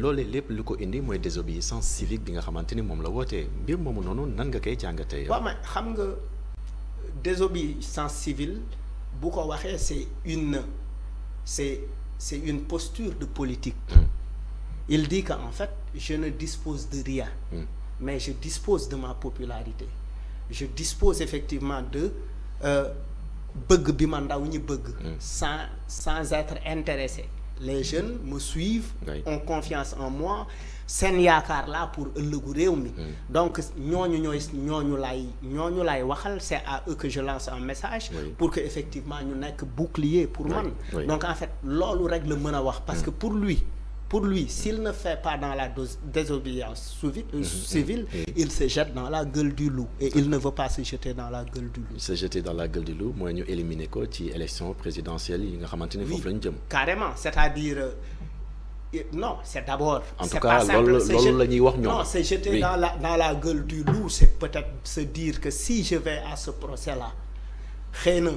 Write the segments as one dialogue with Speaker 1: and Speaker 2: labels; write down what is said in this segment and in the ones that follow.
Speaker 1: loolee lépp lu ko indi mooy désobéissance civique bi nga xamante ni moom la wootee mbir moomu noonu nan nga koy jàngatee. waaw mais
Speaker 2: xam nga désobéissance civile bu ko waxee c'est une c'est c'est une posture de politique. Hmm. il dit que en fait je ne dispose de ria hmm. mais je dispose de ma popularité. je dispose effectivement de euh, bëgg bi ma ndaw ñi bëgg. Hmm. sans sans être intéressé. les jeunes me suivent oui. ont confiance en moi seen yaakaar laa pour ëllëgu réew mi donc ñooñu ñooy ñooñu lay ñooñu lay waxal c'est à eux que je lance un message oui. pour que effectivement ñu nekk bouclier pour oui. donc en fait loolu rek la mën a wax parce mm. que pour lui pour lui s'il ne fait pas dans la désobéissance civile, mmh, civile mmh. il se jette dans la gueule du loup et il ne veut pas se jeter dans la gueule du loup
Speaker 1: se jeter dans la gueule du loup mooy ñu éliminer ko ci élection présidentielle yi nga xamante ni foofu
Speaker 2: carrément c'est-à-dire euh, non c'est d'abord en tout cas la ñuy wax ñoom non c'est jeter oui. dans la dans la peut-être se dire que si je vais à ce procès là xëy na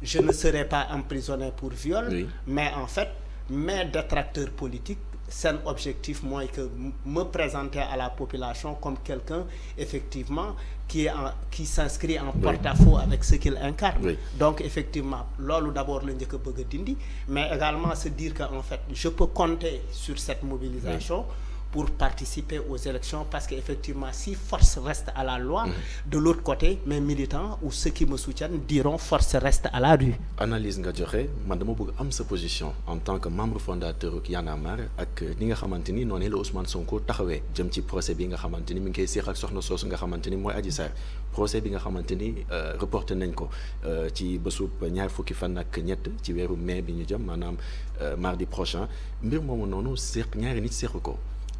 Speaker 2: je ne serai pas emprisonné pour viol oui. mais en fait mes détracteurs politique seen objectif mooy que me présenter à la population comme quelqu'un effectivement qui en qui s'inscrit en porte-à-faux avec ce qu'il incarne oui. donc effectivement loolu d'abord la njëkk a bëgg a dindi mais également se dire que en fait je peux compter sur cette mobilisation oui. pour participer aux élections parce qu'effectivement, si force reste à la loi, mhm. de l'autre côté, mais militants ou ceux qui me soutiennent diront force reste à
Speaker 1: la rue. Analyse nga joxe man dama bëgg am sa position en tant que membre fondateur ak Y'en a ak ni nga xamante ni noonu la Ousmane Sonko taxawee jëm ci procès bi nga xamante ni mi ngi koy séex ak soxna soosu nga xamante ni mooy Adji Sarr procès bi nga xamante ni euh, reporté nañ ko euh, ci bésub ñaar fukki fan ak ñett ci weeru mai bi ñu jëm maanaam euh, mardi prochain mbir moomu noonu séex ñaari nit séexu ko.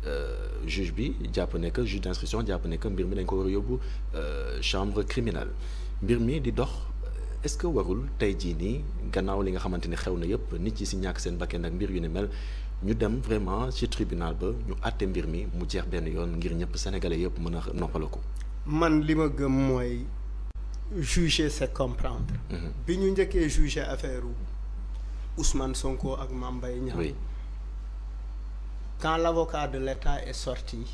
Speaker 1: Euh, juge bi jàpp ne que juge d'instruction jàpp ne que mbir mi dañ ko war a yóbbu euh, chambre criminal mbir mi di dox est-ce que warul tey jii nii gannaaw li nga xamante ne xew na yëpp nit yi si ñàkk seen bakkeen ak mbir yu ne mel ñu dem vraiment ci tribunal ba ñu àtte mbir mi mu jeex benn yoon ngir ñëpp sénégalais yëpp mën a ko
Speaker 2: man li ma gëm mooy juger c'est comprendre. Mhm. bi ñu njëkkee juger affaire Ousmane Sonko ak Mame Mbaye Niang. quand l'avocat de l'État est sorti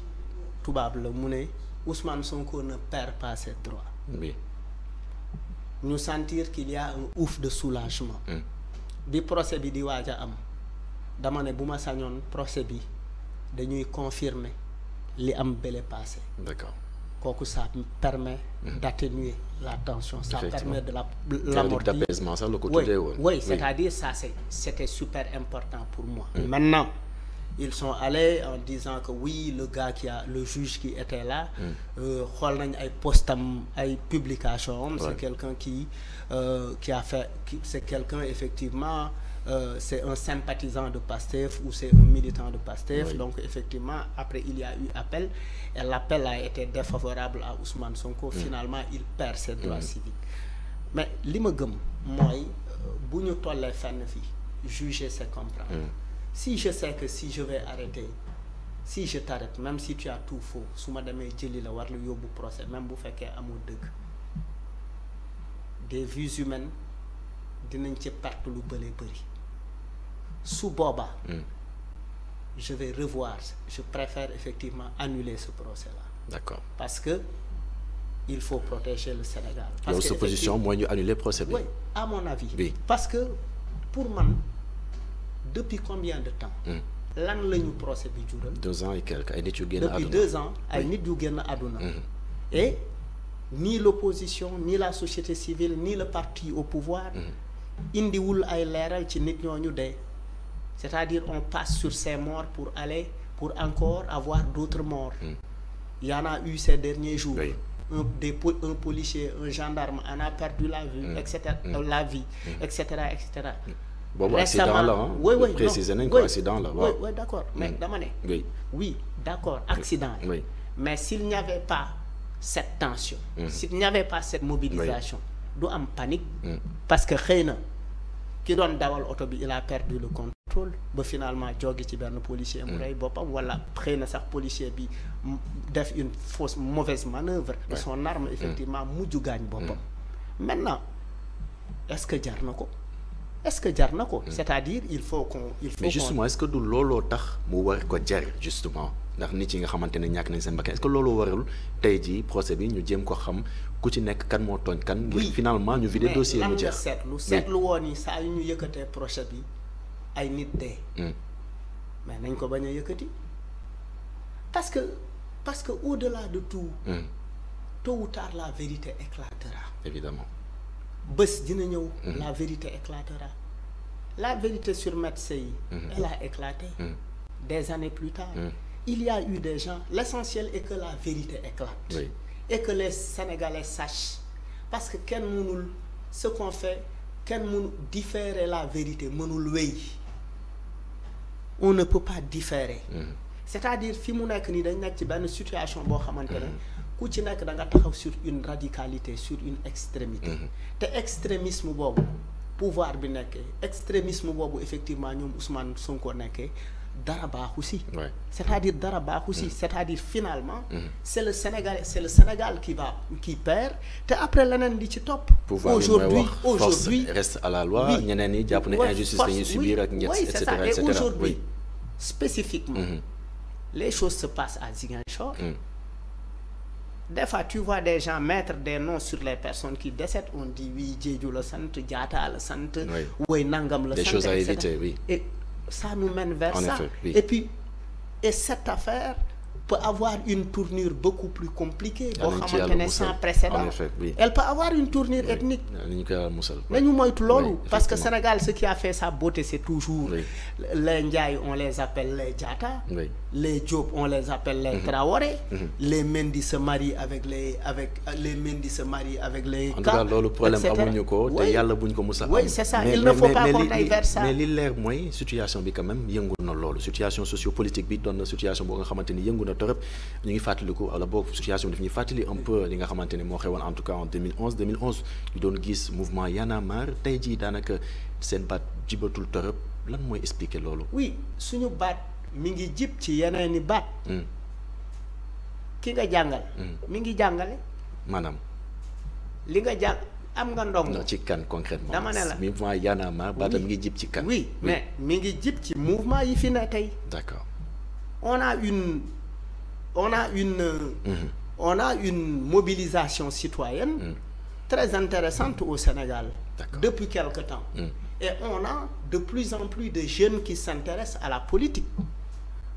Speaker 2: tubaab la mu ne Ousmane Sonko ne perd pas ses ñu sentir qu'il y a un ouf de soulagement. Mm. bi procès bi di waaj am dama ne bu ma sañoon procès bi dañuy confirmer li am bële passé. d'accord kooku ça permet. Mm-hmm. d'atténuer la tension. sa permet de la l'amortir d'apaisement sax ko tuddee woon. c'est-à-dire ça c'est super important pour moi. Mm. maintenant. ils sont allés en disant que oui le gars qui a le juge qui était là hmm. euh, xool nañ ay postam ay publication am c'est quelqu'un qui euh, qui a fait c'est quelqu'un effectivement euh, c'est un sympathisant de Pastef ou c'est un militant de Pastef oui. donc effectivement après il y a eu appel et l'appel a été défavorable à Ousmane Sonko hmm. finalement il perd ses droits mm. civiques mais li ma gëm mooy euh, bu ñu tollee fenn fii juger c'est comprendre hmm. si je sais que si je vais arrêter si je t'arrête même si tu as tout faux su ma demee jëli la war la yóbbu procès même bu fekkee amoo dëgg des vies humaines dinañ ci perte lu bële bëri su booba hmm. je vais revoir je préfère effectivement annuler ce procès là. d'accord parce que il faut protéger le Sénégal. parce que yow position mooy
Speaker 1: ñu annuler procès bi. oui à mon avis. oui
Speaker 2: parce que pour man. depuis combien de temps. Hmm. lan la ñu procès bi jural.
Speaker 1: deux ans et quelques ay nit yu génn àdduna depuis deux ans ay
Speaker 2: nit yu génn àdduna. Hmm. et ni l'opposition ni la société civile ni le parti au pouvoir. Hmm. indiwul ay leeral ci nit ñooñu de c'est-à-dire on passe sur ces morts pour aller pour encore avoir d'autres morts. Il y en a eu ces derniers jours. Oui. Un, policier, un gendarme en a perdu la vue, mm. etc., mm. la vie, mm. etc., etc.
Speaker 1: boobu accident la ah oui oui précisé mais mm. dama ne.
Speaker 2: oui oui d' accord accident la. mais s' na n' y avait pas cette tension. s' il n' pas cette mobilisation. du am panique. Mm. parce que xëy na ki doon dawal oto bi il a perdu le contrôle ba finalement joggi ci benn policier mu mm. rey boppam wala xëy na sax policier bi def une fausse mauvaise manœuvre. son arme effectivement mujj gaañ boppam. maintenant est ce que jar na ko. est-ce que jar na ko. Hmm. c'est-à-dire il faut qu'on il faut. mais justement
Speaker 1: est-ce que du looloo tax mu war ko jar justement ndax nit yi nga xamante ne ñàkk nañ seen bakkan est-ce que looloo warul tey jii procès bi ñu jëm ko xam ku ci nekk kan moo tooñ kan. ngir finalement ñu vider dossier mu jeex mais lan nga seetlu seetlu
Speaker 2: woon yi saa yu ñu yëkkatee procès bi ay nit dee. Hmm. mais nañ ko bañ a yëkkati parce que parce que au-delà de tout. Hmm. tôt ou tard la vérité éclatera. évidemment. bés dina ñëw mhm. la vérité éclatera la vérité sur Metsä yi mhm. elle a éclaté mhm. des années plus tard il y eu des gens l'essentiel est que la vérité éclate et que les Sénégalais sachent parce que kenn mënul ce qu'on fait kenn mënul différer la vérité mënul wéy on ne peut pas différer c'est-à-dire fi mu nekk nii dañ nekk ci benn situation boo xamante ne ku ci nekk da nga taxaw sur une radicalité sur une extrémité mhm. te extrémisme boobu pouvoir bi nekkee extrémisme boobu effectivement ñoom Ousmane Sonko nekkee dara baaxu si c'est-à-dire dara baaxu si mhm. c'est-à-dire finalement mhm. c'est le Sénégal c'est le Sénégal qui va qui perd te après leneen li ci topp aujourd'hui aujourd'hui
Speaker 1: reste à la loi ñeneen ñi jàpp ne injustice la ñuy subir ak ñett et cetera et aujourd'hui
Speaker 2: spécifiquement les choses se passent à Ziguinchor des fois tu vois des gens mettre des noms sur les personnes qui décèdent on dit oui Diédhiou la sant Diatta la sant. oui nangam la sant. des choses à éviter oui. et ça nous mène cette affaire peut avoir une tournure beaucoup plus compliquée. boo xamante ne sans précédent. en effet oui. elle peut avoir une tournure ethnique.
Speaker 1: ni ñu
Speaker 2: koy parce que Sénégal ce qui a fait sa beauté c'est toujours. les on les appelle les Diatta. les Diop on les appelle les mhm. Traoré. Mhm. les Mendy se marient avec les avec les Mendy se avec les. en tout cas loolu problème amuñu ko. te yàlla
Speaker 1: buñ ko mos a am. oui c'est ça il li leer mooy situation bi quand même yëngu na loolu situation sociopolitique bi doon na situation boo nga xamante ni yëngu na torop ñu ngi fàttaliku wala boog situation bi daf ñuy fàttali un peu li nga xamante moo xewoon en tout cas en 2011 2011 ñu doon gis mouvement Y en a marre tey daanaka seen baat jibatul torop lan mooy expliquer loolu.
Speaker 2: mi ngi jib ci yeneeni baat mm. ki nga jàngal mm. mi ngi jàngale maanaam li nga jàng am nga ndongo ci
Speaker 1: kan concrètement dama ne la mouvement Y'en a marre mi ngi jib ci kan oui mais
Speaker 2: mi ngi jib ci mouvement yi fi ne tey d'accord on a une on a une mm-hmm. on a une mobilisation citoyenne mm. très intéressante au Sénégal depuis quelque temps et on a de plus en plus de jeunes qui s'intéressent à la politique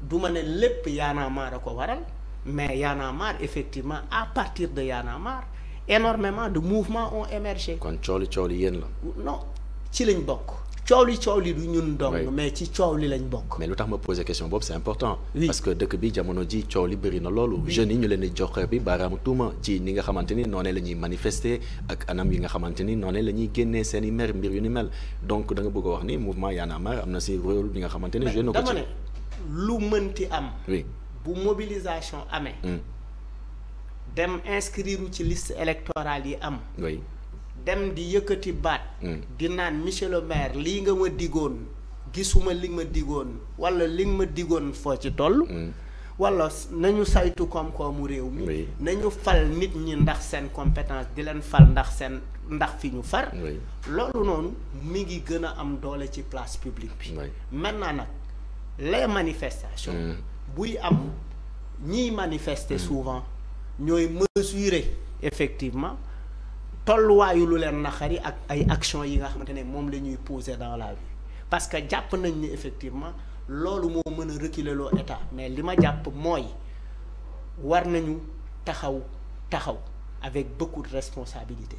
Speaker 2: du ma ne lépp Y'en a marre a ko waral mais Y'en a marre effectivement à partir de Y'en a marre énormément de mouvements ont émergé.
Speaker 1: kon coow li coow li yéen la.
Speaker 2: non ci lañ bokk.
Speaker 1: coow li coow li du ñun dong. mais ci coow li lañ bokk. mais lu tax ma poser question boobu c'est important. Oui. parce que dëkk bi jamono ji coow li bëri na loolu. jeunes yi ñu leen di joxe bi baaraamu tuuma ci ni nga xamante ni noonee la ñuy manifester ak anam yi nga xamante ni noonee la ñuy génnee seen mbir yu ni mel donc wax ni mouvement Y'en am na si nga xamante ni. joué na ko
Speaker 2: lu mënti am. bu mobilisation amee. Mm. dem inscrire ci list électorale yi am. oui dem di yëkkati baat. Mm. di naan monsieur le maire lii nga ma digoon gisuma li ma digoon walla li ma digoon foo ci toll. Mm. walla nañu saytu koom-koomu réew mi. nañu fal nit ñi ndax seen compétence di leen fal ndax seen ndax fi ñu far. loolu noonu mi ngi gën a am doole ci place publique bi. maintenant nag. les manifestations mm. buy am ñiy manifester mm. souvent ñooy mesurer effectivement tolluwaayu lu leen naqari ak ay actions yi nga xamante ne moom la ñuy poser dans la rue parce que jàpp nañ ni effectivement loolu moo mën a reculer loo état mais li ma jàpp mooy war nañu taxaw taxaw avec beaucoup de responsabilité